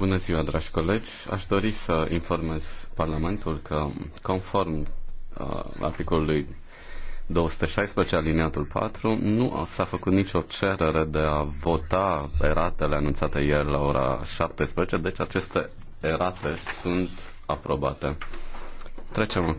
Bună ziua, dragi colegi. Aș dori să informez Parlamentul că, conform uh, articolului 216 alineatul 4, nu s-a făcut nicio cerere de a vota eratele anunțate ieri la ora 17, deci aceste erate sunt aprobate. Trecem